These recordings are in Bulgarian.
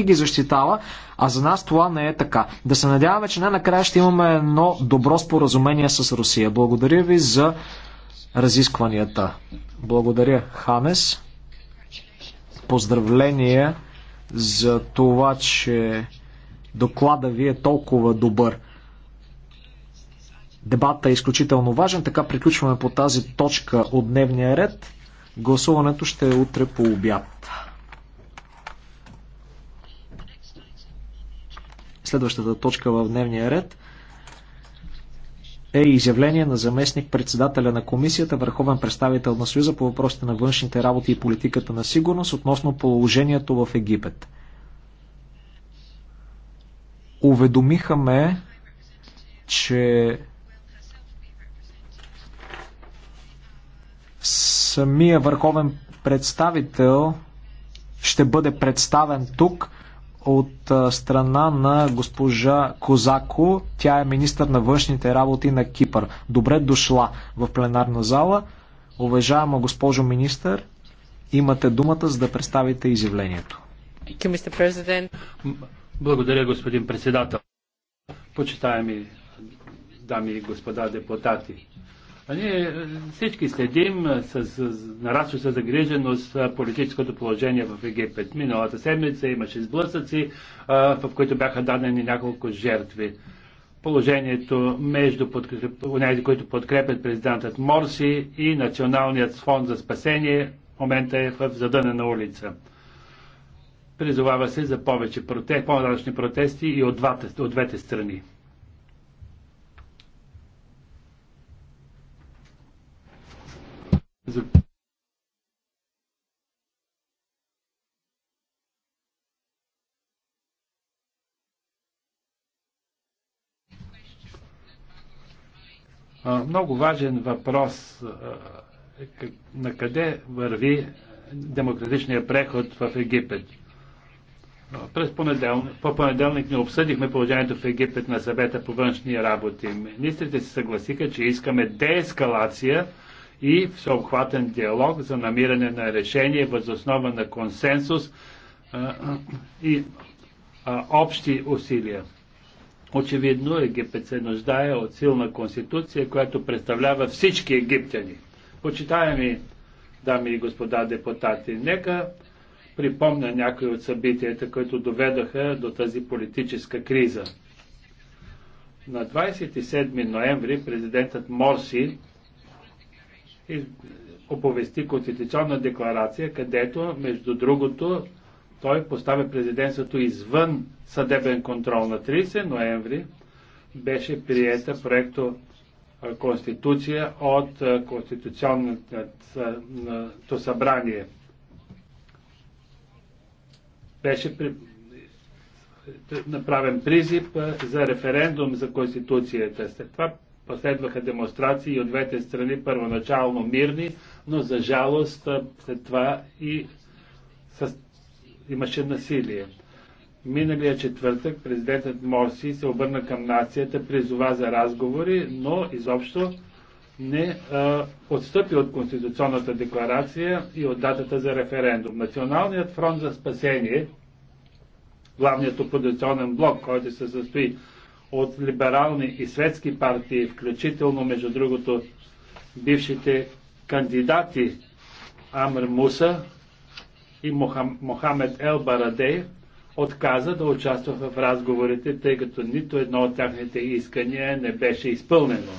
и ги защитава, а за нас това не е така. Да се надяваме, че най-накрая ще имаме едно добро споразумение с Русия. Благодаря ви за разискванията. Благодаря, Ханес. Поздравление за това, че доклада ви е толкова добър. Дебата е изключително важен, така приключваме по тази точка от дневния ред. Гласуването ще е утре по обяд. Следващата точка в дневния ред е изявление на заместник председателя на комисията, върховен представител на Съюза по въпросите на външните работи и политиката на сигурност относно положението в Египет. Уведомиха ме, че самия върховен представител ще бъде представен тук от страна на госпожа Козако. Тя е министър на външните работи на Кипър. Добре дошла в пленарна зала. Уважаема госпожо министър, имате думата за да представите изявлението. Благодаря, господин председател. Почитаеми дами и господа депутати, а ние е, всички следим е, с, с нарастваща загриженост е, политическото положение в Египет. Миналата седмица имаше сблъсъци, в които бяха дадени няколко жертви. Положението между тези, които подкрепят президентът Морси и Националният фонд за спасение, в момента е в задънена улица. Призовава се за повече протести, по-нататъчни протести и от, двата, от двете страни. за Много важен въпрос е на къде върви демократичния преход в Египет. През понеделник, по понеделник не обсъдихме положението в Египет на съвета по външни работи. Министрите се съгласиха, че искаме деескалация и всеобхватен диалог за намиране на решение въз основа на консенсус и общи усилия. Очевидно Египет се нуждае от силна конституция, която представлява всички египтяни. Почитаеми дами и господа депутати, нека припомня някои от събитията, които доведаха до тази политическа криза. На 27 ноември президентът Морси оповести конституционна декларация, където, между другото, той поставя президентството извън съдебен контрол на 30 ноември. Беше приета проекто Конституция от Конституционното събрание. Беше при... направен призив за референдум за Конституцията. След това Последваха демонстрации от двете страни, първоначално мирни, но за жалост след това и с... имаше насилие. Миналия четвъртък президентът Морси се обърна към нацията, призова за разговори, но изобщо не а, отстъпи от Конституционната декларация и от датата за референдум. Националният фронт за спасение, главният опозиционен блок, който се състои от либерални и светски партии, включително, между другото, бившите кандидати Амр Муса и Мохамед Ел Барадей, отказа да участва в разговорите, тъй като нито едно от тяхните искания не беше изпълнено.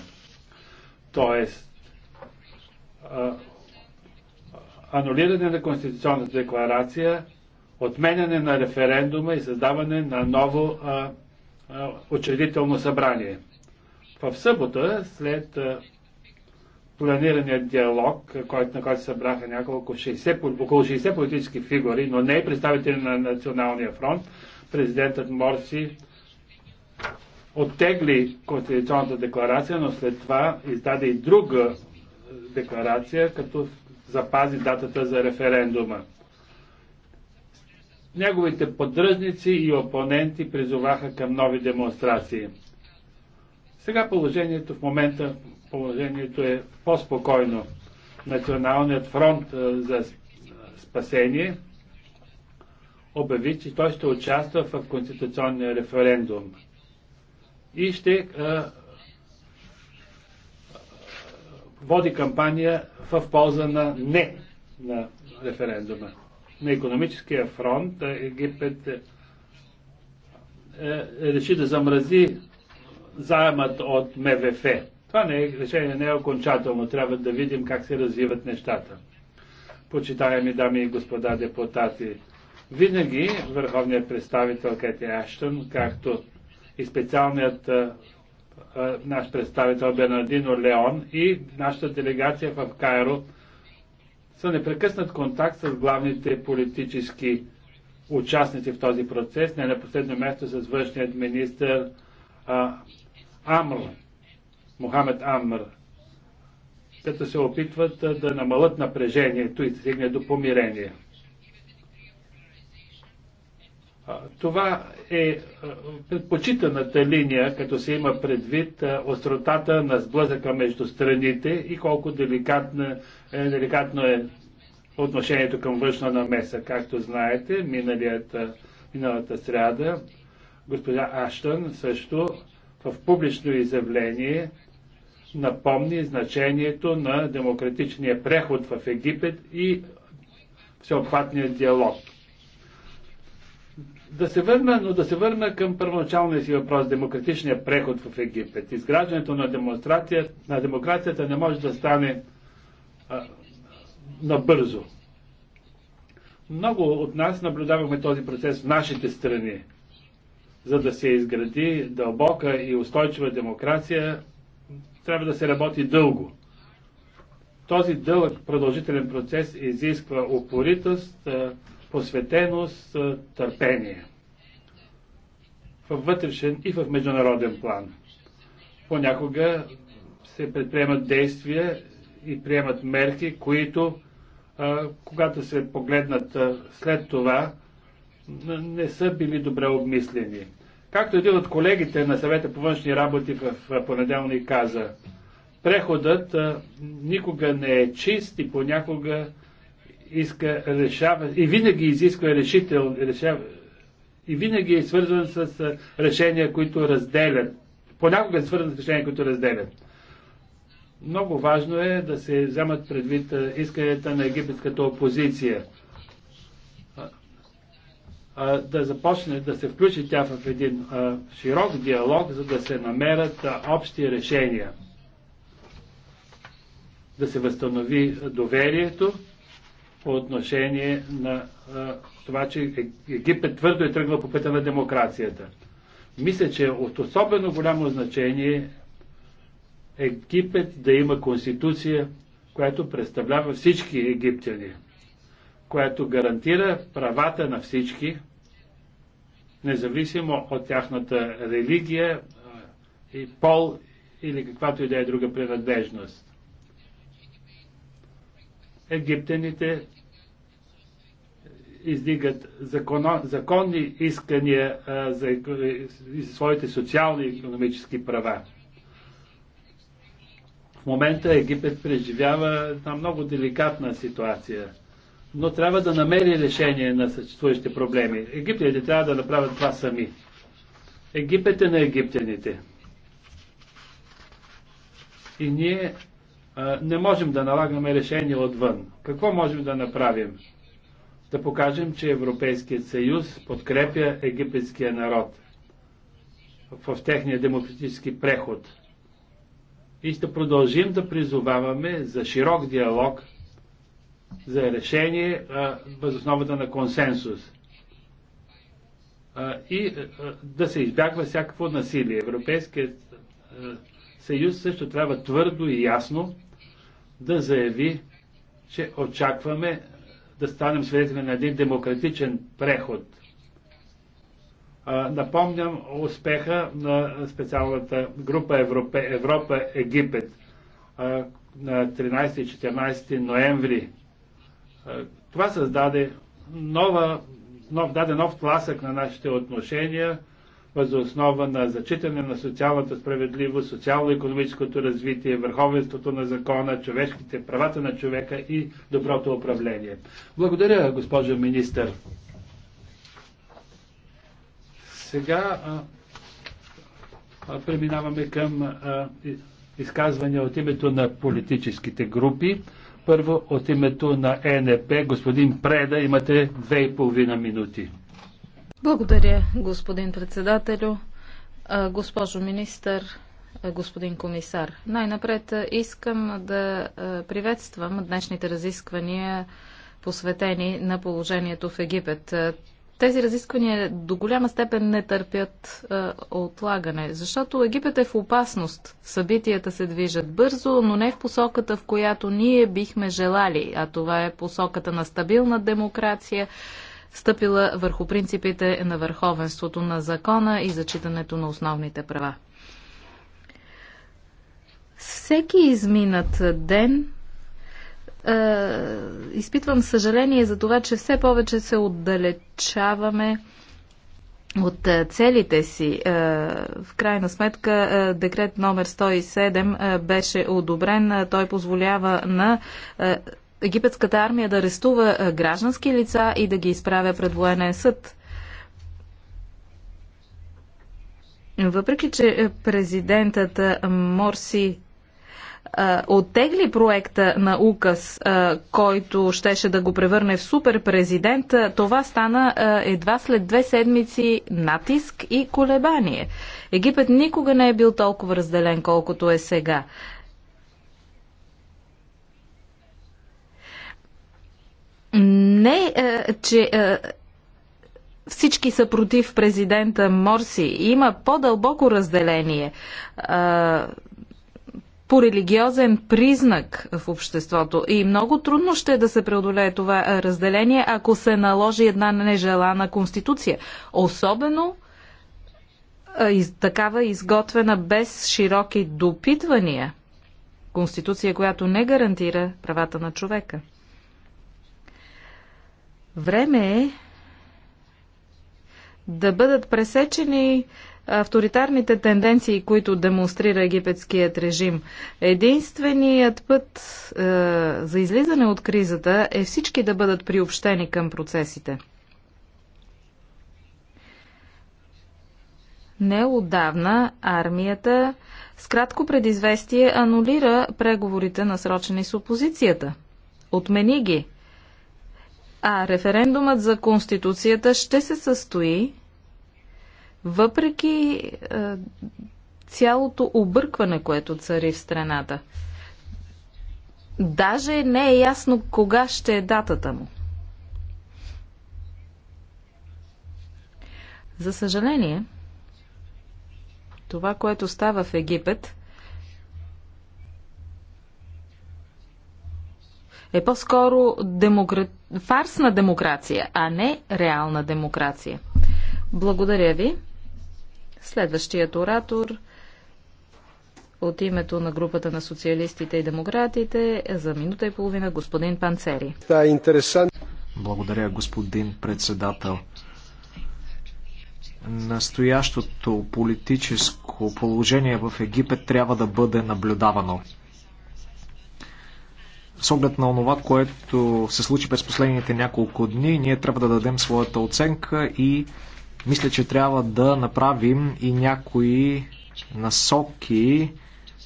Тоест, анулиране на Конституционната декларация, отменяне на референдума и създаване на ново а, учредително събрание. В събота, след планирания диалог, който, на който събраха няколко 60, около 60 политически фигури, но не и представители на Националния фронт, президентът Морси оттегли Конституционната декларация, но след това издаде и друга декларация, като запази датата за референдума. Неговите поддръжници и опоненти призоваха към нови демонстрации. Сега положението в момента положението е по-спокойно. Националният фронт за спасение обяви, че той ще участва в конституционния референдум и ще а, води кампания в полза на не на референдума на економическия фронт Египет е, е, е, реши да замрази заемът от МВФ. Това не е, решение не е окончателно. Трябва да видим как се развиват нещата. Почитаеми дами и господа депутати, винаги върховният представител Кети Аштън, както и специалният а, е, а, е, наш представител Бернардино Леон и нашата делегация в Кайро са непрекъснат контакт с главните политически участници в този процес, не на последно място с външният министр а, Амр, Мохамед Амр, като се опитват да намалят напрежението и да стигне до помирение. Това е предпочитаната линия, като се има предвид остротата на сблъсъка между страните и колко деликатно е, деликатно е отношението към външна намеса. Както знаете, миналията, миналата сряда госпожа Аштън също в публично изявление напомни значението на демократичния преход в Египет и всеобхватния диалог. Да се върна, но да се върна към първоначалния си въпрос, демократичния преход в Египет. Изграждането на, демонстрация, на демокрацията не може да стане а, набързо. Много от нас наблюдавахме този процес в нашите страни. За да се изгради дълбока и устойчива демокрация, трябва да се работи дълго. Този дълъг продължителен процес изисква упоритост, посветеност, търпение. В вътрешен и в международен план. Понякога се предприемат действия и приемат мерки, които, когато се погледнат след това, не са били добре обмислени. Както един от колегите на съвета по външни работи в понеделник каза, преходът никога не е чист и понякога иска решава, и винаги изисква решител, решава, и винаги е свързан с решения, които разделят. Понякога е свързан с решения, които разделят. Много важно е да се вземат предвид исканията на египетската опозиция. Да започне да се включи тя в един широк диалог, за да се намерят общи решения. Да се възстанови доверието по отношение на а, това, че Египет твърдо е тръгнал по пътя на демокрацията. Мисля, че от особено голямо значение Египет да има конституция, която представлява всички египтяни, която гарантира правата на всички, независимо от тяхната религия и пол или каквато и да е друга принадлежност египтяните издигат закон, законни искания а, за своите социални и економически права. В момента Египет преживява една много деликатна ситуация, но трябва да намери решение на съществуващите проблеми. Египтяните трябва да направят това сами. Египет е на египтяните. И ние не можем да налагаме решение отвън. Какво можем да направим? Да покажем, че Европейският съюз подкрепя египетския народ в техния демократически преход. И ще продължим да призоваваме за широк диалог, за решение въз основата на консенсус и да се избягва всякакво насилие. Европейският съюз също трябва твърдо и ясно да заяви, че очакваме да станем свидетели на един демократичен преход. Напомням успеха на специалната група Европа Египет на 13 и 14 ноември. Това създаде нова, нов, даде нов тласък на нашите отношения основа на зачитане на социалната справедливост, социално-економическото развитие, върховенството на закона, човешките правата на човека и доброто управление. Благодаря, госпожо министър. Сега а, а, преминаваме към а, изказвания от името на политическите групи. Първо от името на ЕНП, господин Преда, имате две и половина минути. Благодаря, господин председателю. Госпожо министър, господин комисар. Най-напред искам да приветствам днешните разисквания, посветени на положението в Египет. Тези разисквания до голяма степен не търпят отлагане, защото Египет е в опасност. Събитията се движат бързо, но не в посоката, в която ние бихме желали, а това е посоката на стабилна демокрация, стъпила върху принципите на върховенството на закона и зачитането на основните права. Всеки изминат ден е, изпитвам съжаление за това, че все повече се отдалечаваме от целите си. В крайна сметка декрет номер 107 беше одобрен. Той позволява на египетската армия да арестува е, граждански лица и да ги изправя пред военен съд. Въпреки, че е, президентът е, Морси оттегли проекта на указ, който щеше да го превърне в суперпрезидент, това стана едва след две седмици натиск и колебание. Египет никога не е бил толкова разделен, колкото е сега. Не, е, че е, всички са против президента Морси. Има по-дълбоко разделение е, по религиозен признак в обществото. И много трудно ще е да се преодолее това разделение, ако се наложи една нежелана конституция. Особено такава изготвена без широки допитвания. Конституция, която не гарантира правата на човека. Време е да бъдат пресечени авторитарните тенденции, които демонстрира египетският режим. Единственият път е, за излизане от кризата е всички да бъдат приобщени към процесите. Неодавна армията с кратко предизвестие анулира преговорите насрочени с опозицията. Отмени ги – а референдумът за Конституцията ще се състои въпреки е, цялото объркване, което цари в страната. Даже не е ясно кога ще е датата му. За съжаление, това, което става в Египет, е по-скоро демокра... фарсна демокрация, а не реална демокрация. Благодаря ви. Следващият оратор от името на групата на социалистите и демократите за минута и половина господин Панцери. Да, интересен. Благодаря, господин председател. Настоящото политическо положение в Египет трябва да бъде наблюдавано с оглед на това, което се случи през последните няколко дни, ние трябва да дадем своята оценка и мисля, че трябва да направим и някои насоки,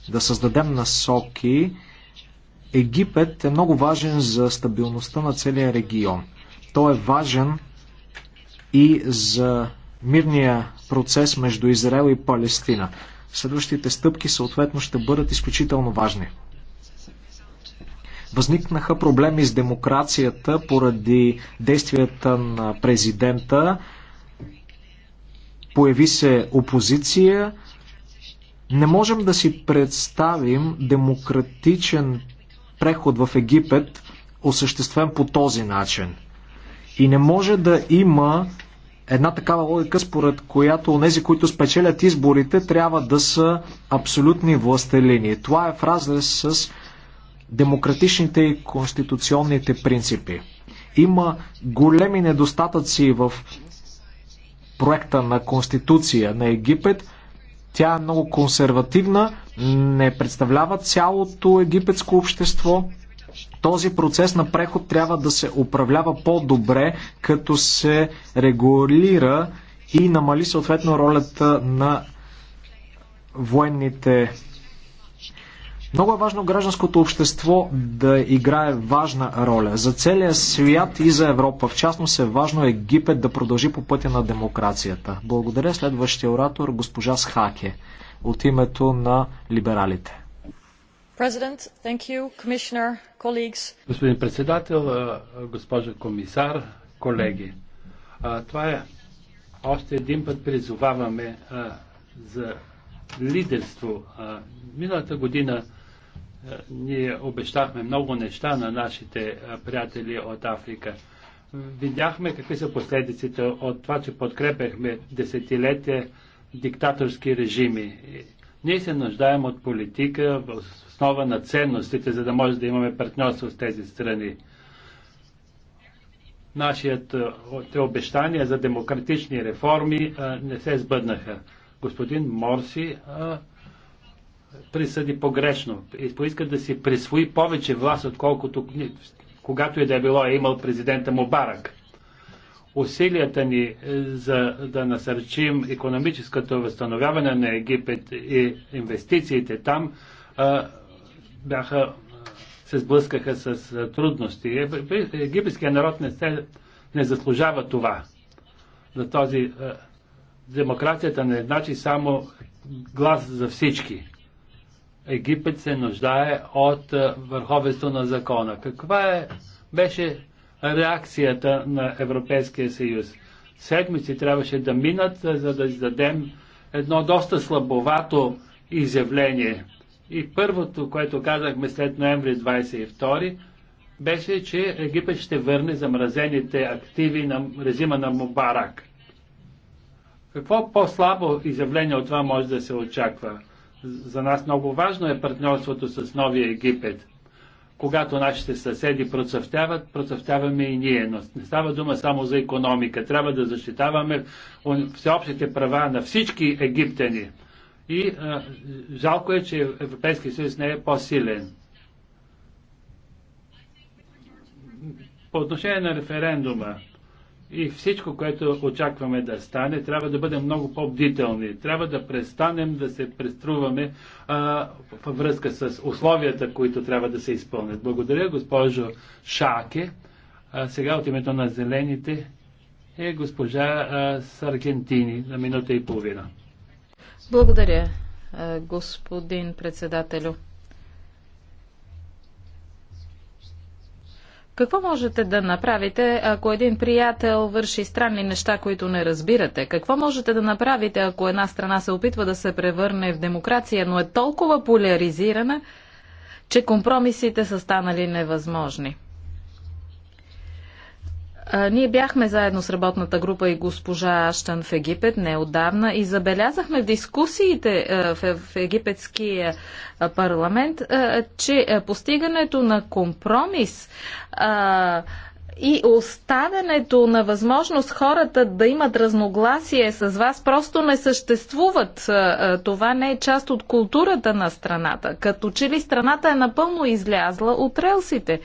да създадем насоки. Египет е много важен за стабилността на целия регион. Той е важен и за мирния процес между Израел и Палестина. Следващите стъпки съответно ще бъдат изключително важни. Възникнаха проблеми с демокрацията поради действията на президента. Появи се опозиция. Не можем да си представим демократичен преход в Египет, осъществен по този начин. И не може да има една такава логика, според която онези, които спечелят изборите, трябва да са абсолютни властелини. Това е в разрез с демократичните и конституционните принципи. Има големи недостатъци в проекта на Конституция на Египет. Тя е много консервативна, не представлява цялото египетско общество. Този процес на преход трябва да се управлява по-добре, като се регулира и намали съответно ролята на военните много е важно гражданското общество да играе важна роля за целия свят и за Европа. В частност е важно Египет да продължи по пътя на демокрацията. Благодаря следващия оратор госпожа Схаке от името на либералите. Господин председател, госпожо комисар, колеги. Това е още един път призоваваме за лидерство. Миналата година ние обещахме много неща на нашите приятели от Африка. Видяхме какви са последиците от това, че подкрепяхме десетилетия диктаторски режими. Ние се нуждаем от политика в основа на ценностите, за да може да имаме партньорство с тези страни. Нашият те обещания за демократични реформи а, не се сбъднаха. Господин Морси а, присъди погрешно поиска да си присвои повече власт, отколкото когато и е да е било е имал президента Мубарак. Усилията ни е, за да насърчим економическото възстановяване на Египет и инвестициите там а, е, бяха, се сблъскаха с е, трудности. Египетският народ не, се, не заслужава това. За този а, демокрацията не значи само глас за всички. Египет се нуждае от е, върховенство на закона. Каква е, беше реакцията на Европейския съюз? Седмици трябваше да минат, е, за да издадем едно доста слабовато изявление. И първото, което казахме след ноември 22, беше, че Египет ще върне замразените активи на режима на Мубарак. Какво по-слабо изявление от това може да се очаква? За нас много важно е партньорството с Новия Египет. Когато нашите съседи процъфтяват, процъфтяваме и ние. Но не става дума само за економика. Трябва да защитаваме всеобщите права на всички египтяни. И а, жалко е, че Европейския съюз не е по-силен. По отношение на референдума, и всичко, което очакваме да стане, трябва да бъдем много по-бдителни. Трябва да престанем да се преструваме а, във връзка с условията, които трябва да се изпълнят. Благодаря, госпожо Шаке. А, сега от името на Зелените е госпожа а, Саргентини на минута и половина. Благодаря, господин председателю. Какво можете да направите, ако един приятел върши странни неща, които не разбирате? Какво можете да направите, ако една страна се опитва да се превърне в демокрация, но е толкова поляризирана, че компромисите са станали невъзможни? Ние бяхме заедно с работната група и госпожа Аштан в Египет неодавна и забелязахме в дискусиите в египетския парламент, че постигането на компромис и оставянето на възможност хората да имат разногласие с вас просто не съществуват. Е, е, това не е част от културата на страната. Като че ли страната е напълно излязла от релсите.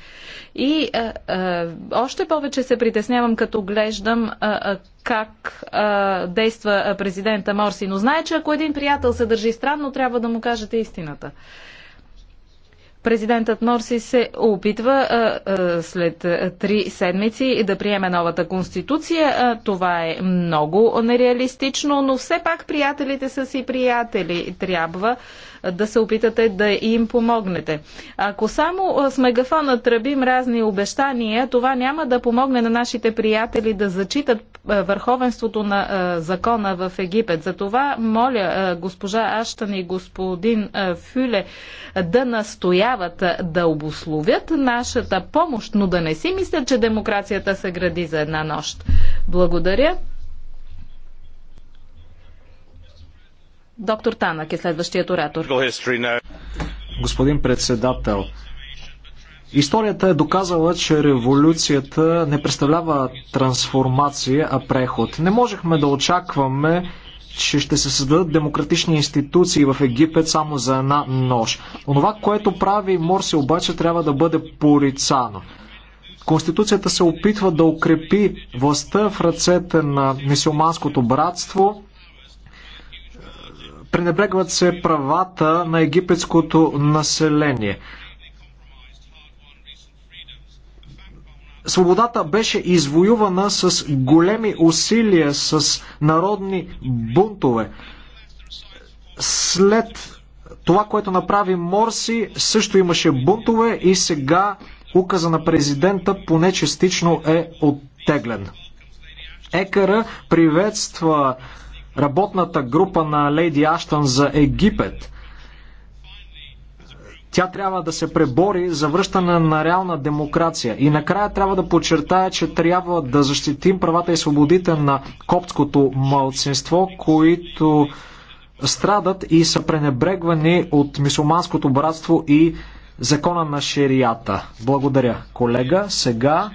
И а, е, а, още повече се притеснявам, като глеждам а, а, как а, действа президента Морси. Но знае, че ако един приятел се държи странно, трябва да му кажете истината. Президентът Морси се опитва след три седмици да приеме новата конституция. Това е много нереалистично, но все пак приятелите са си приятели. Трябва да се опитате да им помогнете. Ако само с мегафона тръбим разни обещания, това няма да помогне на нашите приятели да зачитат върховенството на закона в Египет. Затова моля госпожа Аштан и господин Фюле да настояват да обословят нашата помощ, но да не си мислят, че демокрацията се гради за една нощ. Благодаря. Доктор Танък е следващият оратор. Господин председател, Историята е доказала, че революцията не представлява трансформация, а преход. Не можехме да очакваме, че ще се създадат демократични институции в Египет само за една нощ. Онова, което прави Морси обаче трябва да бъде порицано. Конституцията се опитва да укрепи властта в ръцете на мисиоманското братство, пренебрегват се правата на египетското население. Свободата беше извоювана с големи усилия, с народни бунтове. След това, което направи Морси, също имаше бунтове и сега указа на президента поне частично е оттеглен. Екара приветства работната група на Лейди Аштън за Египет. Тя трябва да се пребори за връщане на реална демокрация. И накрая трябва да подчертая, че трябва да защитим правата и свободите на коптското малцинство, които страдат и са пренебрегвани от мисулманското братство и закона на ширията. Благодаря, колега. Сега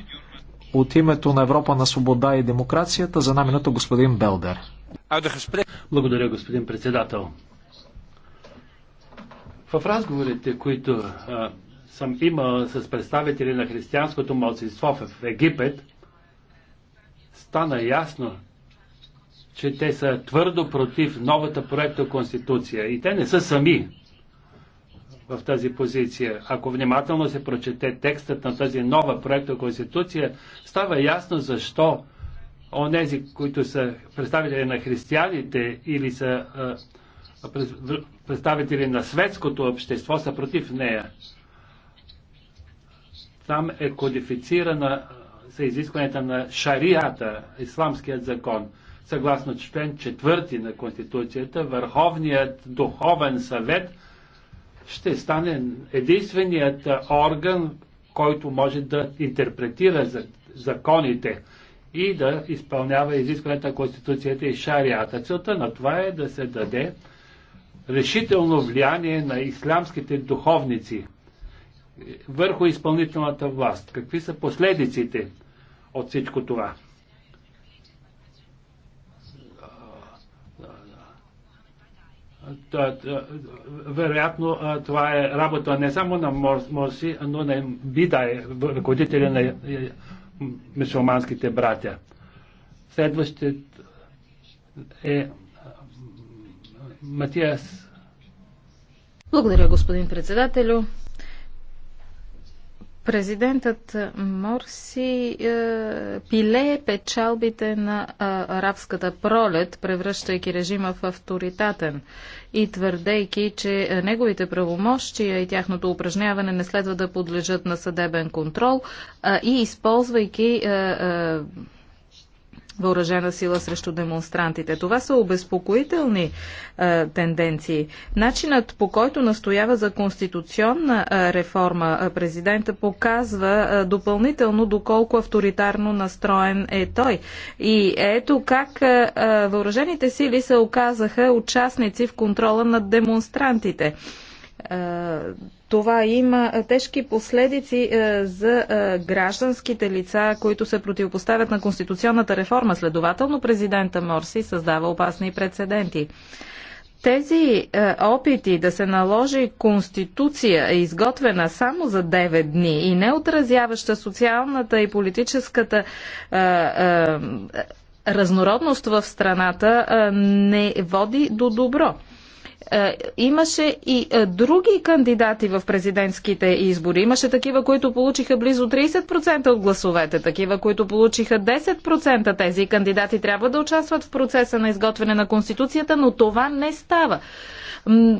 от името на Европа на свобода и демокрацията за минута господин Белдер. Благодаря, господин председател. В разговорите, които а, съм имал с представители на християнското младсинство в Египет, стана ясно, че те са твърдо против новата проекта Конституция. И те не са сами в тази позиция. Ако внимателно се прочете текстът на тази нова проекта Конституция, става ясно защо онези, които са представители на християните или са представители на светското общество, са против нея. Там е кодифицирана са изискванията на шарията, исламският закон. Съгласно член 4 на Конституцията, Върховният духовен съвет ще стане единственият орган, който може да интерпретира законите и да изпълнява изискването на Конституцията и шарията. Целта на това е да се даде решително влияние на ислямските духовници върху изпълнителната власт. Какви са последиците от всичко това? вероятно това е работа не само на Морси, но на Бидай, е ръководителя на е, мусулманските братя. Следващият е Матиас. Благодаря, господин председателю. Президентът Морси е, пилее печалбите на е, арабската пролет, превръщайки режима в авторитатен и твърдейки, че е, неговите правомощия и тяхното упражняване не следва да подлежат на съдебен контрол е, и използвайки е, е, въоръжена сила срещу демонстрантите. Това са обезпокоителни е, тенденции. Начинът по който настоява за конституционна е, реформа президента показва е, допълнително доколко авторитарно настроен е той. И ето как е, е, въоръжените сили се оказаха участници в контрола над демонстрантите. Е, това има е, тежки последици е, за е, гражданските лица, които се противопоставят на конституционната реформа. Следователно, президента Морси създава опасни прецеденти. Тези е, опити да се наложи конституция, изготвена само за 9 дни и не отразяваща социалната и политическата е, е, разнородност в страната, е, не води до добро. Е, имаше и е, други кандидати в президентските избори. Имаше такива, които получиха близо 30% от гласовете, такива, които получиха 10%. Тези кандидати трябва да участват в процеса на изготвяне на Конституцията, но това не става.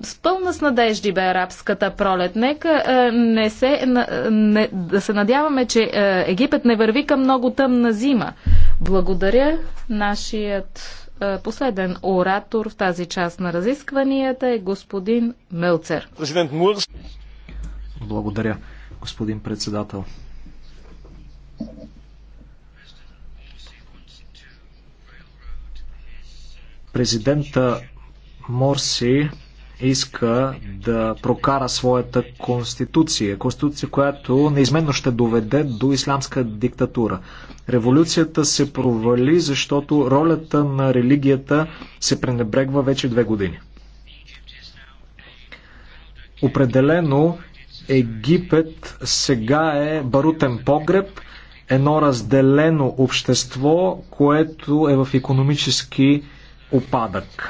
С пълна с надежди бе арабската пролет. Нека е, не се, не, да се надяваме, че Египет не върви към много тъмна зима. Благодаря нашият е, последен оратор в тази част на разискванията е господин Мелцер. Президент Мурс. Благодаря, господин председател. Президента Морси иска да прокара своята конституция. Конституция, която неизменно ще доведе до ислямска диктатура. Революцията се провали, защото ролята на религията се пренебрегва вече две години. Определено Египет сега е барутен погреб, едно разделено общество, което е в економически опадък.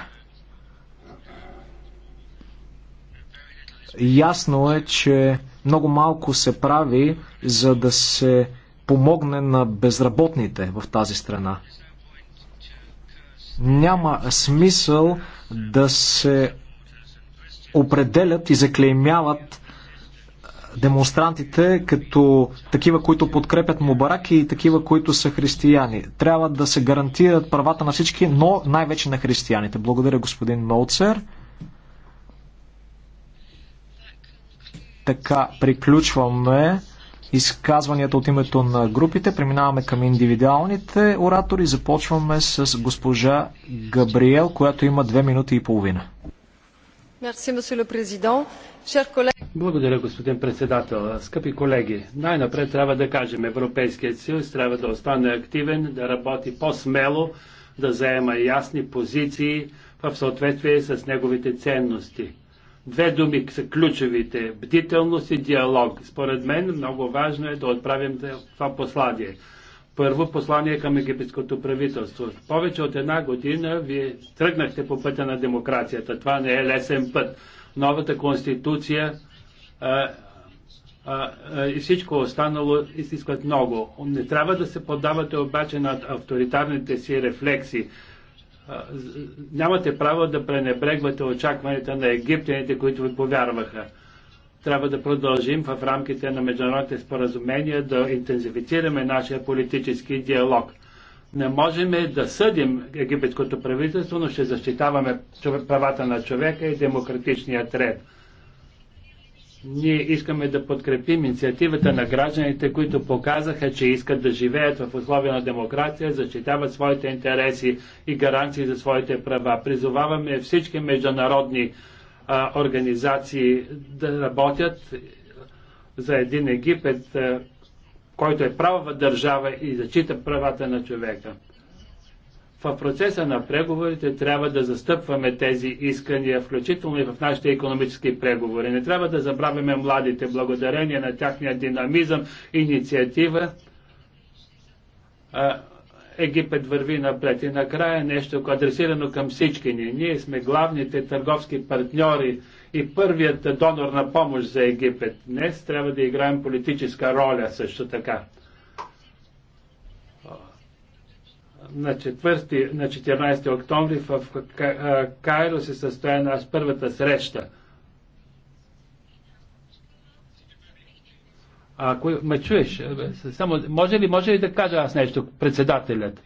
Ясно е, че много малко се прави, за да се помогне на безработните в тази страна. Няма смисъл да се определят и заклеймяват демонстрантите като такива, които подкрепят Мубарак и такива, които са християни. Трябва да се гарантират правата на всички, но най-вече на християните. Благодаря, господин Молцер. Така, приключваме изказванията от името на групите. Преминаваме към индивидуалните оратори. Започваме с госпожа Габриел, която има две минути и половина. Благодаря, господин председател. Скъпи колеги, най-напред трябва да кажем, Европейският съюз трябва да остане активен, да работи по-смело, да заема ясни позиции в съответствие с неговите ценности. Две думи са ключовите – бдителност и диалог. Според мен много важно е да отправим това послание. Първо послание към египетското правителство. Повече от една година вие тръгнахте по пътя на демокрацията. Това не е лесен път. Новата конституция а, а, а, и всичко останало изискват много. Не трябва да се поддавате обаче над авторитарните си рефлекси нямате право да пренебрегвате очакванията на египтяните, които ви повярваха. Трябва да продължим в рамките на международните споразумения да интензифицираме нашия политически диалог. Не можем да съдим египетското правителство, но ще защитаваме правата на човека и демократичният ред. Ние искаме да подкрепим инициативата на гражданите, които показаха, че искат да живеят в условия на демокрация, защитават своите интереси и гаранции за своите права. Призоваваме всички международни а, организации да работят за един Египет, а, който е правова държава и зачита правата на човека в процеса на преговорите трябва да застъпваме тези искания, включително и в нашите економически преговори. Не трябва да забравяме младите, благодарение на тяхния динамизъм, инициатива. Египет върви напред. И накрая нещо адресирано към всички ни. Ние сме главните търговски партньори и първият донор на помощ за Египет. Днес трябва да играем политическа роля също така на, 4, на 14 октомври в Кайро се състоя наш първата среща. Ако ме чуеш, е, само, може ли, може ли да кажа аз нещо? Председателят.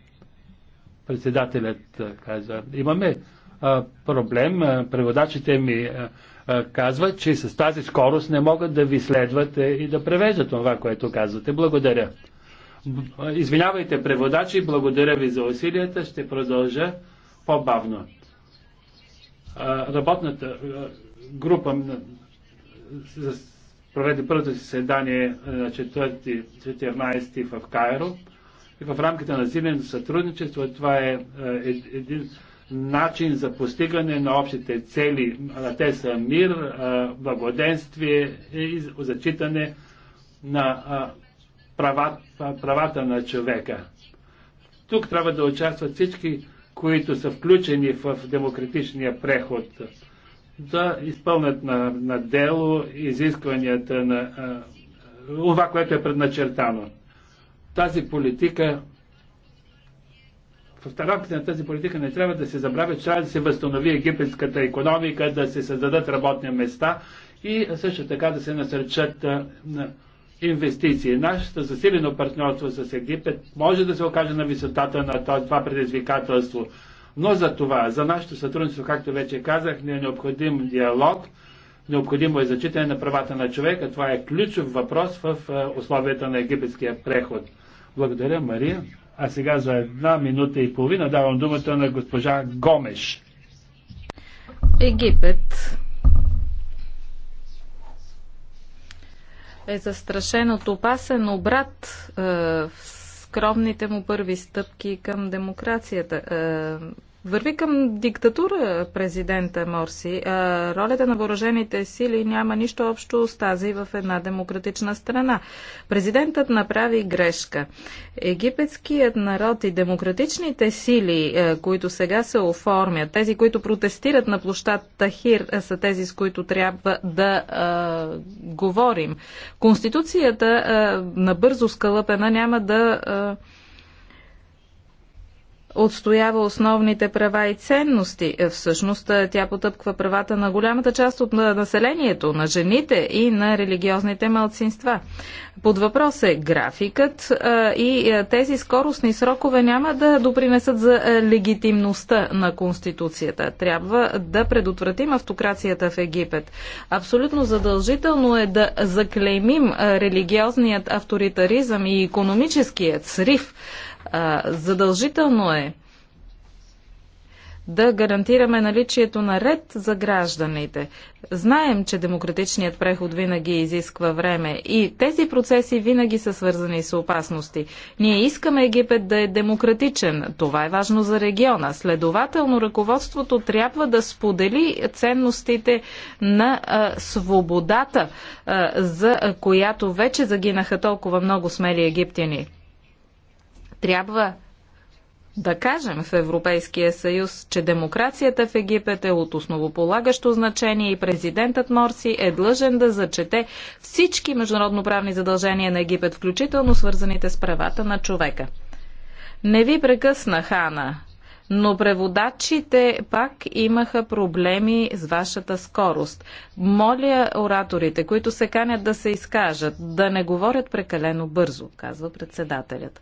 Председателят каза. Имаме а, проблем. Преводачите ми а, а, казват, че с тази скорост не могат да ви следват е, и да превеждат това, което казвате. Благодаря. Извинявайте, преводачи, благодаря ви за усилията. Ще продължа по-бавно. Работната група проведе първото си седание на 4-14 в Кайро и в рамките на зимено сътрудничество това е един начин за постигане на общите цели. Те са мир, благоденствие и зачитане на права, правата на човека. Тук трябва да участват всички, които са включени в демократичния преход, да изпълнят на, на дело изискванията на това, което е предначертано. Тази политика в рамките на тази политика не трябва да се забравя, че трябва да се възстанови египетската економика, да се създадат работни места и също така да се насърчат на инвестиции. Нашето засилено партньорство с Египет може да се окаже на висотата на това предизвикателство. Но за това, за нашето сътрудничество, както вече казах, не е необходим диалог, необходимо е зачитане на правата на човека. Това е ключов въпрос в е, условията на египетския преход. Благодаря, Мария. А сега за една минута и половина давам думата на госпожа Гомеш. Египет е застрашен от опасен обрат е, в скромните му първи стъпки към демокрацията. Е, Върви към диктатура президента Морси. Ролята на въоръжените сили няма нищо общо с тази в една демократична страна. Президентът направи грешка. Египетският народ и демократичните сили, които сега се оформят, тези, които протестират на площад Тахир, са тези, с които трябва да а, говорим. Конституцията а, набързо скалъпена няма да. А, отстоява основните права и ценности. Е, всъщност е, тя потъпква правата на голямата част от населението, на жените и на религиозните малцинства. Под въпрос е графикът е, и тези скоростни срокове няма да допринесат за легитимността на Конституцията. Трябва да предотвратим автокрацията в Египет. Абсолютно задължително е да заклеймим религиозният авторитаризъм и економическият срив задължително е да гарантираме наличието на ред за гражданите. Знаем, че демократичният преход винаги изисква време и тези процеси винаги са свързани с опасности. Ние искаме Египет да е демократичен. Това е важно за региона. Следователно, ръководството трябва да сподели ценностите на а, свободата, а, за която вече загинаха толкова много смели египтяни. Трябва да кажем в Европейския съюз, че демокрацията в Египет е от основополагащо значение и президентът Морси е длъжен да зачете всички международноправни задължения на Египет, включително свързаните с правата на човека. Не ви прекъсна, Хана, но преводачите пак имаха проблеми с вашата скорост. Моля ораторите, които се канят да се изкажат, да не говорят прекалено бързо, казва председателят.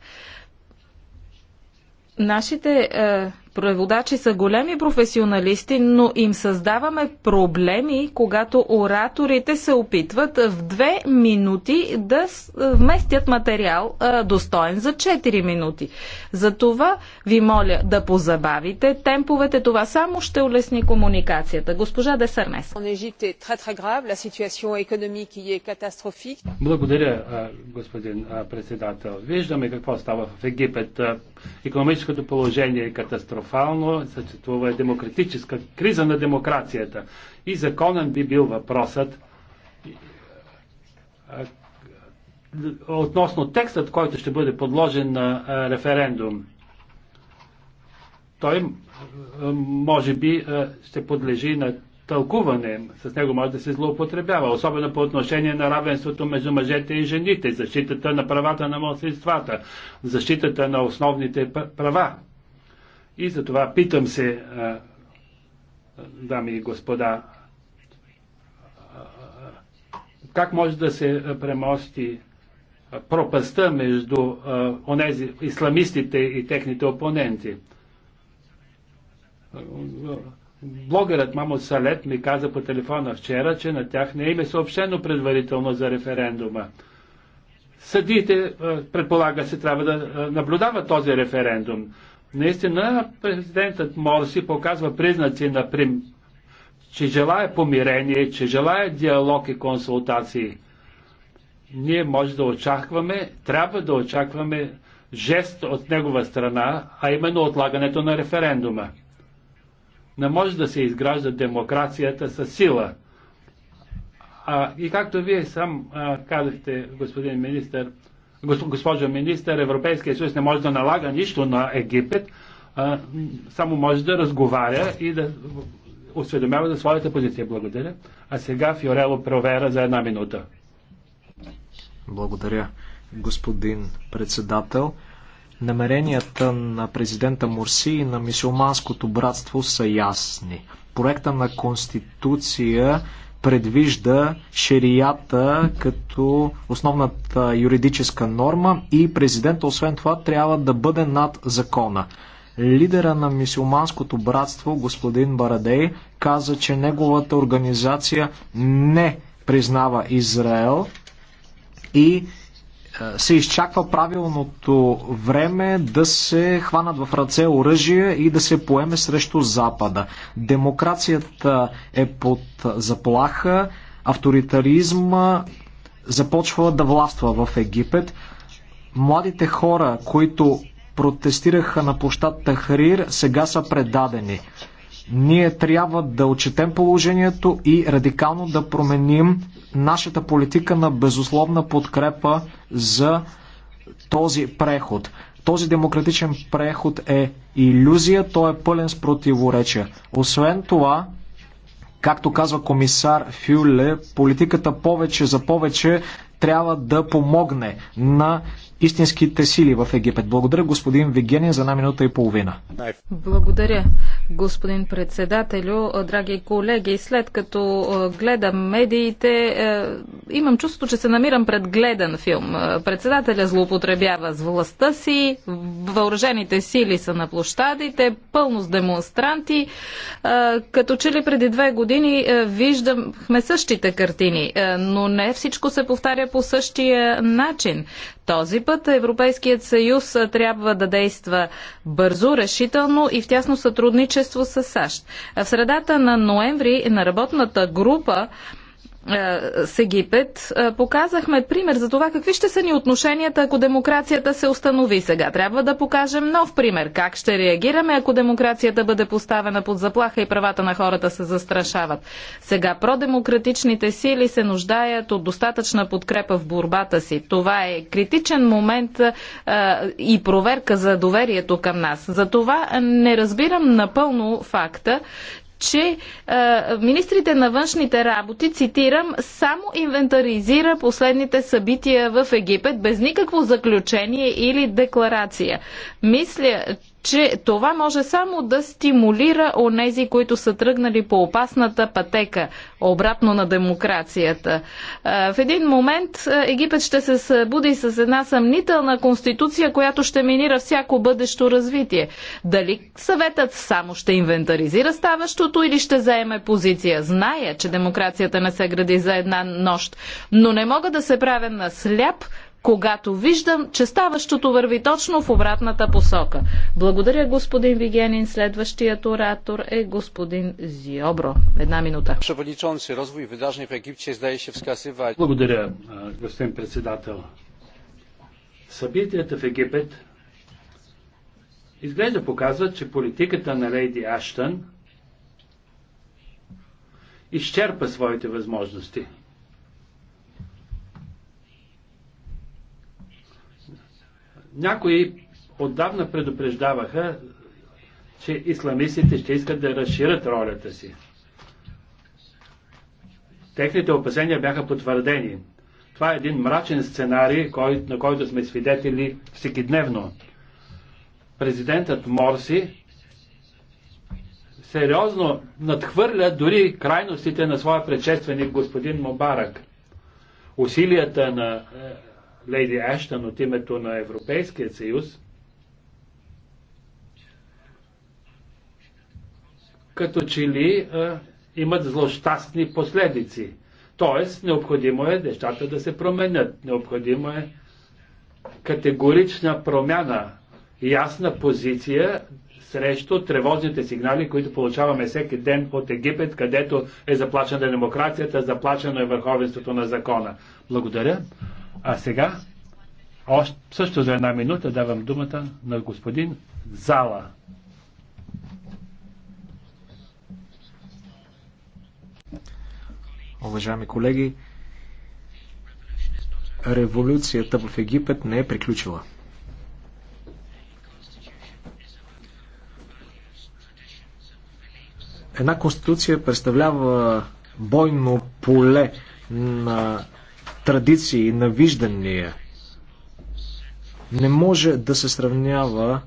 Нашите е, преводачи са големи професионалисти, но им създаваме проблеми, когато ораторите се опитват в две минути да вместят материал достоен за 4 минути. Затова ви моля да позабавите темповете. Това само ще улесни комуникацията. Госпожа Десърнес. Благодаря, господин председател. Виждаме какво става в Египет. Економическото положение е катастрофа катастрофално, съществува демократическа криза на демокрацията. И законен би бил въпросът относно текстът, който ще бъде подложен на референдум. Той може би ще подлежи на тълкуване, с него може да се злоупотребява, особено по отношение на равенството между мъжете и жените, защитата на правата на младсинствата, защитата на основните права и затова питам се, дами и господа, как може да се премости пропаста между онези исламистите и техните опоненти? Блогерът Мамо Салет ми каза по телефона вчера, че на тях не им е съобщено предварително за референдума. Съдиите, предполага се, трябва да наблюдават този референдум. Наистина президентът Морси показва признаци на прим, че желая помирение, че желая диалог и консултации. Ние може да очакваме, трябва да очакваме жест от негова страна, а именно отлагането на референдума. Не може да се изгражда демокрацията със сила. А, и както вие сам а, казахте, господин министър, Госпожо министър, Европейския съюз не може да налага нищо на Египет, само може да разговаря и да осведомява за своята позиция. Благодаря. А сега Фиорело Провера за една минута. Благодаря, господин председател. Намеренията на президента Мурси и на мисулманското братство са ясни. Проекта на конституция предвижда шерията като основната юридическа норма и президента, освен това, трябва да бъде над закона. Лидера на мисулманското братство, господин Барадей, каза, че неговата организация не признава Израел и е, се изчаква правилното време да се хванат в ръце оръжие и да се поеме срещу Запада. Демокрацията е под заплаха, авторитаризма започва да властва в Египет. Младите хора, които протестираха на площад Тахрир, сега са предадени. Ние трябва да отчетем положението и радикално да променим нашата политика на безусловна подкрепа за този преход. Този демократичен преход е иллюзия, той е пълен с противоречия. Освен това, както казва комисар Фюле, политиката повече за повече трябва да помогне на истинските сили в Египет. Благодаря господин Вигенин за една минута и половина. Благодаря господин председателю, драги колеги. След като е, гледам медиите, е, имам чувството, че се намирам пред гледан филм. Е, председателя злоупотребява с властта си, въоръжените сили са на площадите, пълно с демонстранти. Като че ли преди две години виждахме същите картини, но не всичко се повтаря по същия начин. Този път Европейският съюз трябва да действа бързо, решително и в тясно сътрудничество с САЩ. В средата на ноември на работната група е, с Египет, е, показахме пример за това какви ще са ни отношенията, ако демокрацията се установи сега. Трябва да покажем нов пример. Как ще реагираме, ако демокрацията бъде поставена под заплаха и правата на хората се застрашават. Сега продемократичните сили се нуждаят от достатъчна подкрепа в борбата си. Това е критичен момент а, е, и проверка за доверието към нас. За това не разбирам напълно факта, че а, е, министрите на външните работи, цитирам, само инвентаризира последните събития в Египет без никакво заключение или декларация. Мисля, че това може само да стимулира онези, които са тръгнали по опасната пътека, обратно на демокрацията. Е, в един момент е, Египет ще се събуди с една съмнителна конституция, която ще минира всяко бъдещо развитие. Дали съветът само ще инвентаризира ставащото или ще заеме позиция? Зная, че демокрацията не се гради за една нощ, но не мога да се правя на сляп, когато виждам, че ставащото върви точно в обратната посока. Благодаря, господин Вигенин. Следващият оратор е господин Зиобро. Една минута. Благодаря, господин председател. Събитията в Египет изглежда показват, че политиката на Лейди Аштън изчерпа своите възможности – Някои отдавна предупреждаваха, че исламистите ще искат да разширят ролята си. Техните опасения бяха потвърдени. Това е един мрачен сценарий, кой, на който сме свидетели всекидневно. Президентът Морси сериозно надхвърля дори крайностите на своя предшественик господин Мобарак. Усилията на е, Лейди Аштън от името на Европейския съюз, като че ли а, е, имат злощастни последици. Тоест, необходимо е нещата да се променят. Необходимо е категорична промяна, ясна позиция срещу тревожните сигнали, които получаваме всеки ден от Египет, където е заплачена демокрацията, заплачено е върховенството на закона. Благодаря. А сега, още, също за една минута, давам думата на господин Зала. Уважаеми колеги, революцията в Египет не е приключила. Една конституция представлява бойно поле на традиции, на виждания. Не може да се сравнява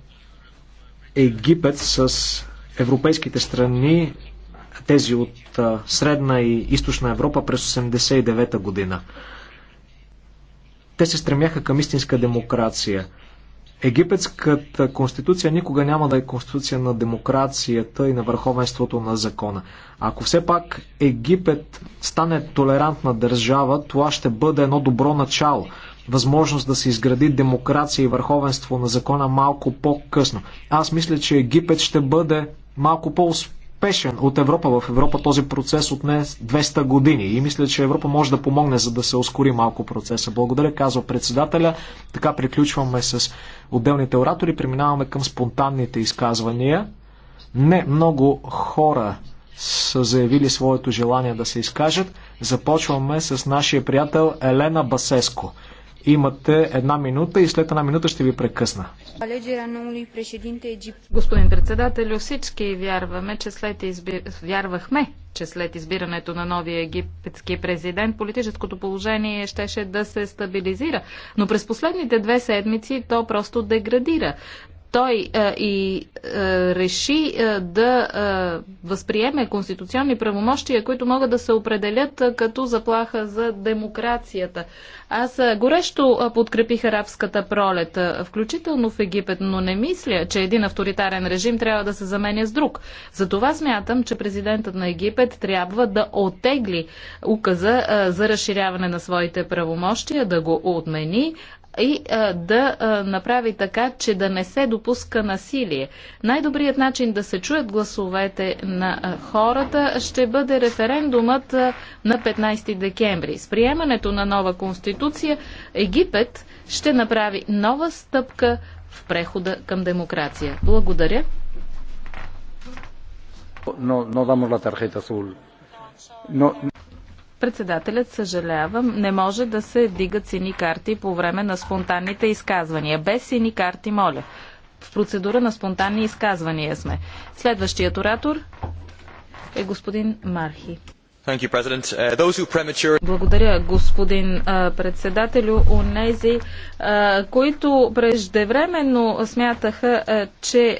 Египет с европейските страни, тези от Средна и Източна Европа през 1989 година. Те се стремяха към истинска демокрация. Египетската конституция никога няма да е конституция на демокрацията и на върховенството на закона. Ако все пак Египет стане толерантна държава, това ще бъде едно добро начало. Възможност да се изгради демокрация и върховенство на закона малко по-късно. Аз мисля, че Египет ще бъде малко по-успешен успешен от Европа. В Европа този процес отне 200 години и мисля, че Европа може да помогне, за да се ускори малко процеса. Благодаря, казва председателя. Така приключваме с отделните оратори. Преминаваме към спонтанните изказвания. Не много хора са заявили своето желание да се изкажат. Започваме с нашия приятел Елена Басеско. Имате една минута и след една минута ще ви прекъсна. Господин председател, всички вярваме, че след изби... вярвахме, че след избирането на новия египетски президент политическото положение щеше да се стабилизира. Но през последните две седмици то просто деградира той а, е, и а, е, реши а, е, да а, възприеме конституционни правомощия, които могат да се определят а, като заплаха за демокрацията. Аз а, горещо а, подкрепих арабската пролет, а, включително в Египет, но не мисля, че един авторитарен режим трябва да се заменя с друг. Затова смятам, че президентът на Египет трябва да отегли указа а, за разширяване на своите правомощия, да го отмени, и а, е, да а, е, направи така, че да не се допуска насилие. Най-добрият начин да се чуят гласовете на а, е, хората ще бъде референдумът а, на 15 декември. С приемането на нова конституция Египет ще направи нова стъпка в прехода към демокрация. Благодаря. Но, no damos la tarjeta azul. Но... Председателят съжалявам, не може да се дигат сини карти по време на спонтанните изказвания. Без сини карти, моля. В процедура на спонтанни изказвания сме. Следващият оратор е господин Мархи. Uh, Благодаря, господин председателю. Онези, които преждевременно смятаха, че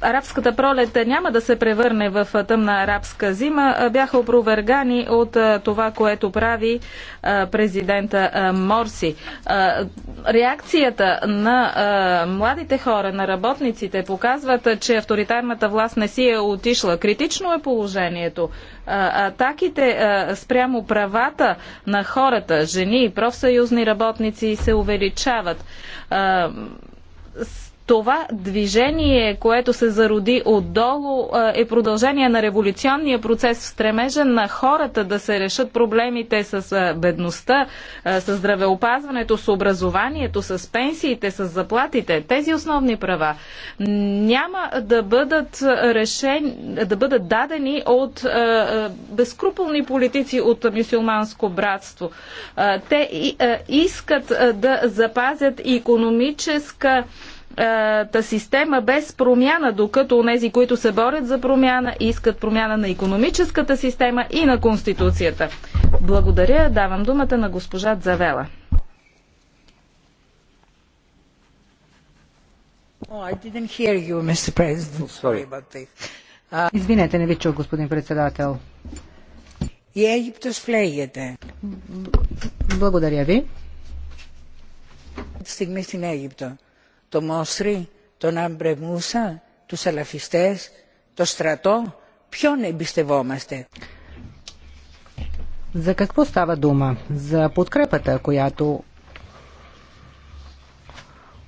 арабската пролет няма да се превърне в тъмна арабска зима, бяха опровергани от това, което прави президента Морси. Реакцията на младите хора, на работниците, показват, че авторитарната власт не си е отишла. Критично е положението. Атаките спрямо правата на хората, жени и профсъюзни работници се увеличават това движение, което се зароди отдолу, е, е продължение на революционния процес в стремежа на хората да се решат проблемите с е, бедността, е, с здравеопазването, с образованието, с пенсиите, с заплатите. Тези основни права няма да бъдат решени, да бъдат дадени от безкруполни политици от мюсюлманско братство. Те искат да запазят економическа та е, система без промяна, докато онези, които се борят за промяна, искат промяна на економическата система и на Конституцията. Благодаря. Давам думата на госпожа Завела. Oh, oh, uh, Извинете, не ви чух, господин председател. Е, Благодаря ви το Μόσρι, τον Άμπρε Μούσα, τους αλαφιστές, το στρατό, ποιον εμπιστευόμαστε. За какво става дума? За подкрепата, която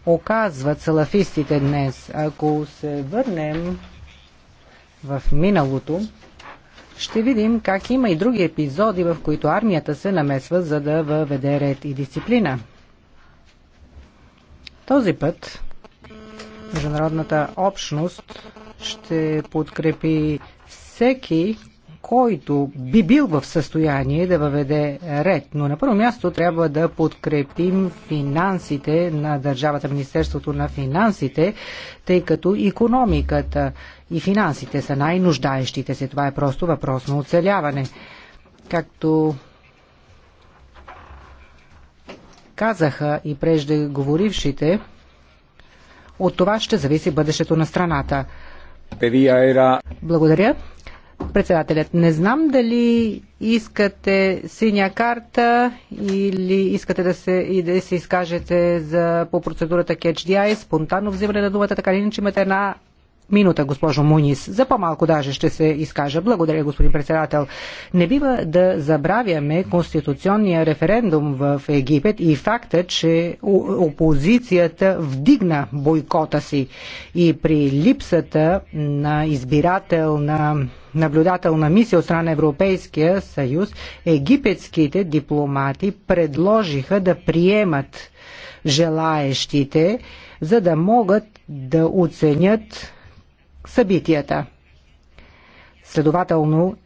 оказват салафистите днес. Ако се върнем в миналото, ще видим как има и други епизоди, в които армията се намесва, за да въведе ред и дисциплина. Този път международната общност ще подкрепи всеки, който би бил в състояние да въведе ред. Но на първо място трябва да подкрепим финансите на държавата, Министерството на финансите, тъй като економиката и финансите са най-нуждаещите се. Това е просто въпрос на оцеляване. Както казаха и преждеговорившите, от това ще зависи бъдещето на страната. Благодаря. Председателят, не знам дали искате синя карта или искате да се, и да се изкажете за, по процедурата Catch DI, спонтанно взимане на думата, така или иначе имате една минута, госпожо Мунис. За по-малко даже ще се изкажа. Благодаря, господин председател. Не бива да забравяме конституционния референдум в Египет и факта, че опозицията вдигна бойкота си и при липсата на избирателна наблюдателна мисия от страна на Европейския съюз, египетските дипломати предложиха да приемат желаещите, за да могат да оценят събитията. Следователно,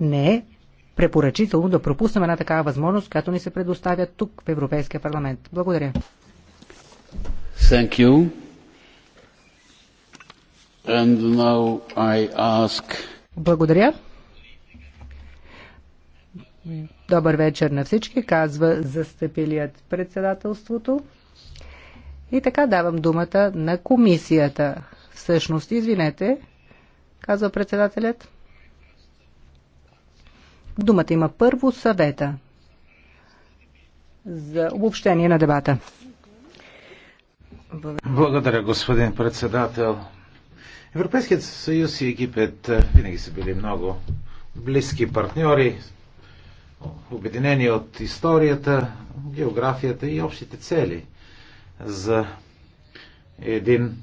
не е препоръчително да пропуснем една такава възможност, която ни се предоставя тук в Европейския парламент. Благодаря. Thank you. And now I ask... Благодаря. Добър вечер на всички, казва застъпилият председателството. И така давам думата на комисията. Всъщност, извинете, казва председателят. Думата има първо съвета за обобщение на дебата. Благодаря, господин председател. Европейският съюз и Египет е, винаги са били много близки партньори, обединени от историята, географията и общите цели за един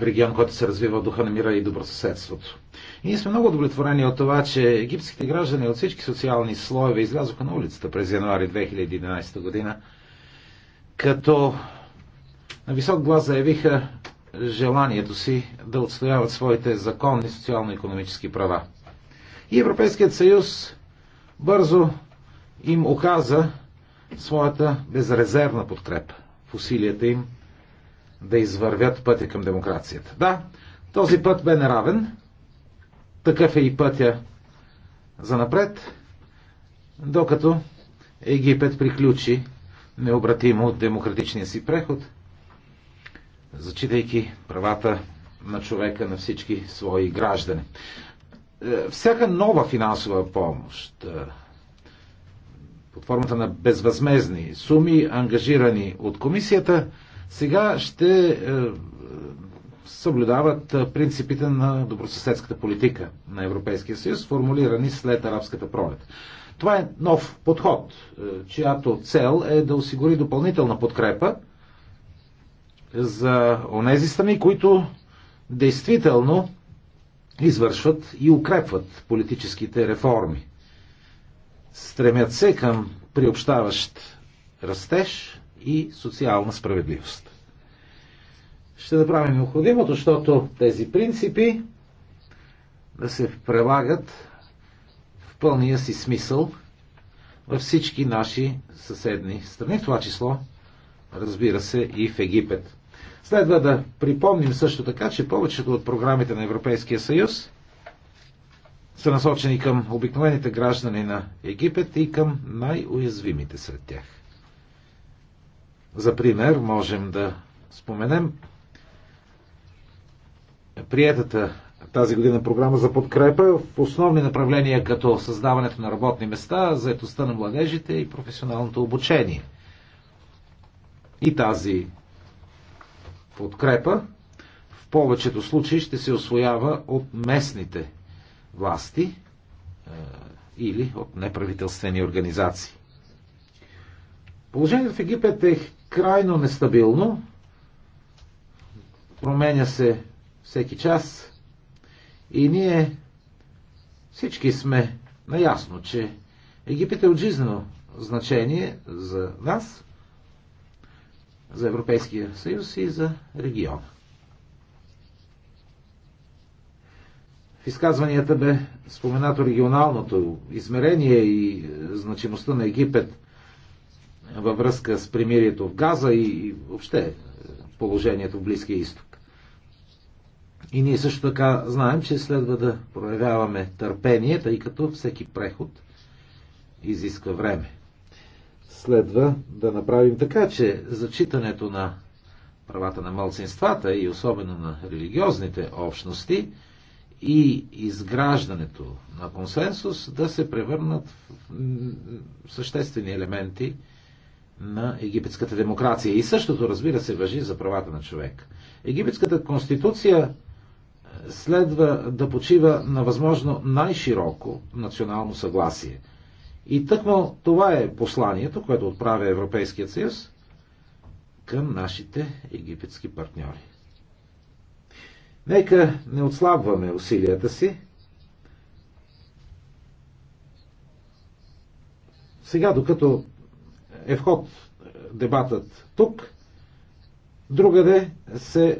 регион, който се развива в духа на мира и добросъседството. И ние сме много удовлетворени от това, че египетските граждани от всички социални слоеве излязоха на улицата през януари 2011 година, като на висок глас заявиха желанието си да отстояват своите законни социално-економически права. И Европейският съюз бързо им оказа своята безрезервна подкрепа в усилията им да извървят пътя към демокрацията. Да, този път бе неравен. Такъв е и пътя за напред, докато Египет приключи необратимо от демократичния си преход, зачитайки правата на човека на всички свои граждани. Е, всяка нова финансова помощ е, под формата на безвъзмезни суми, ангажирани от комисията, сега ще е, съблюдават е, принципите на добросъседската политика на Европейския съюз, формулирани след арабската пролет. Това е нов подход, е, чиято цел е да осигури допълнителна подкрепа за онези страни, които действително извършват и укрепват политическите реформи. Стремят се към приобщаващ растеж, и социална справедливост. Ще направим необходимото, защото тези принципи да се прилагат в пълния си смисъл във всички наши съседни страни, в това число, разбира се, и в Египет. Следва да припомним също така, че повечето от програмите на Европейския съюз са насочени към обикновените граждани на Египет и към най-уязвимите сред тях. За пример можем да споменем приятата тази година програма за подкрепа в основни направления като създаването на работни места, заетостта на младежите и професионалното обучение. И тази подкрепа в повечето случаи ще се освоява от местните власти е, или от неправителствени организации. Положението в Египет е крайно нестабилно. Променя се всеки час. И ние всички сме наясно, че Египет е от жизнено значение за нас, за Европейския съюз и за региона. В изказванията бе споменато регионалното измерение и значимостта на Египет във връзка с примирието в Газа и въобще е, положението в Близкия изток. И ние също така знаем, че следва да проявяваме търпение, тъй като всеки преход изисква време. Следва да направим така, че зачитането на правата на мълцинствата и особено на религиозните общности и изграждането на консенсус да се превърнат в съществени елементи на египетската демокрация. И същото, разбира се, въжи за правата на човек. Египетската конституция е, следва да почива на възможно най-широко национално съгласие. И тъкмо това е посланието, което отправя Европейският съюз към нашите египетски партньори. Нека не отслабваме усилията си. Сега, докато е вход, дебатът тук. Другаде се е,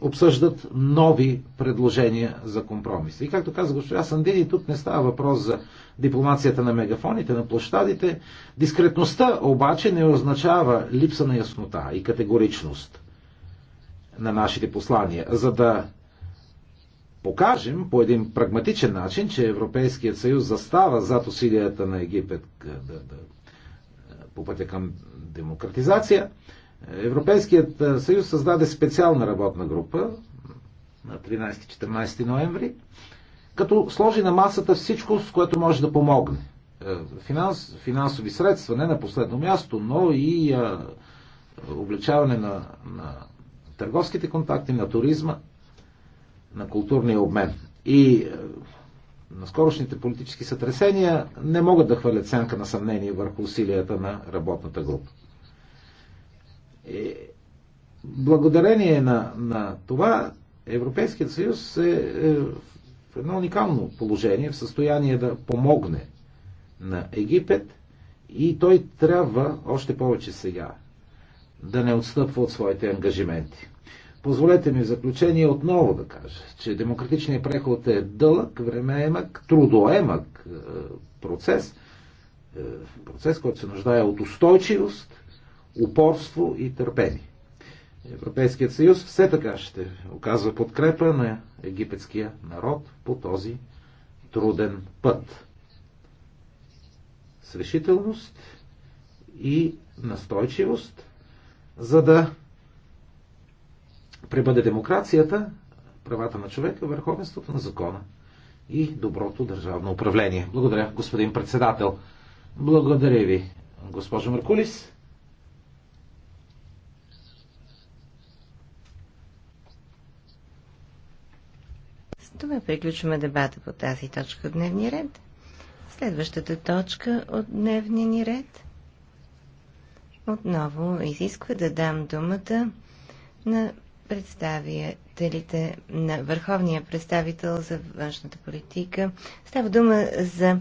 обсъждат нови предложения за компромиси. И както каза госпожа Сандини, тук не става въпрос за дипломацията на мегафоните, на площадите. Дискретността обаче не означава липса на яснота и категоричност на нашите послания, за да покажем по един прагматичен начин, че Европейският съюз застава зад усилията на Египет да, да по пътя към демократизация, Европейският съюз създаде специална работна група на 13-14 ноември, като сложи на масата всичко, с което може да помогне. Е, финанс, финансови средства, не на последно място, но и а, обличаване на, на търговските контакти, на туризма, на културния обмен. И е, на скорошните политически сътресения не могат да хвалят сянка на съмнение върху усилията на работната група. И е, благодарение на, на това Европейският съюз е, е в едно уникално положение, в състояние да помогне на Египет и той трябва още повече сега да не отстъпва от своите ангажименти. Позволете ми в заключение отново да кажа, че демократичният преход е дълъг, времеемък, трудоемък е, процес, е, процес, който се нуждае от устойчивост, упорство и търпение. Европейският съюз все така ще оказва подкрепа на египетския народ по този труден път. С решителност и настойчивост, за да пребъде демокрацията, правата на човека, върховенството на закона и доброто държавно управление. Благодаря, господин председател. Благодаря ви, госпожо Маркулис. С това приключваме дебата по тази точка от дневния ред. Следващата точка от дневния ни ред отново изисква да дам думата на представителите на Върховния представител за външната политика. Става дума за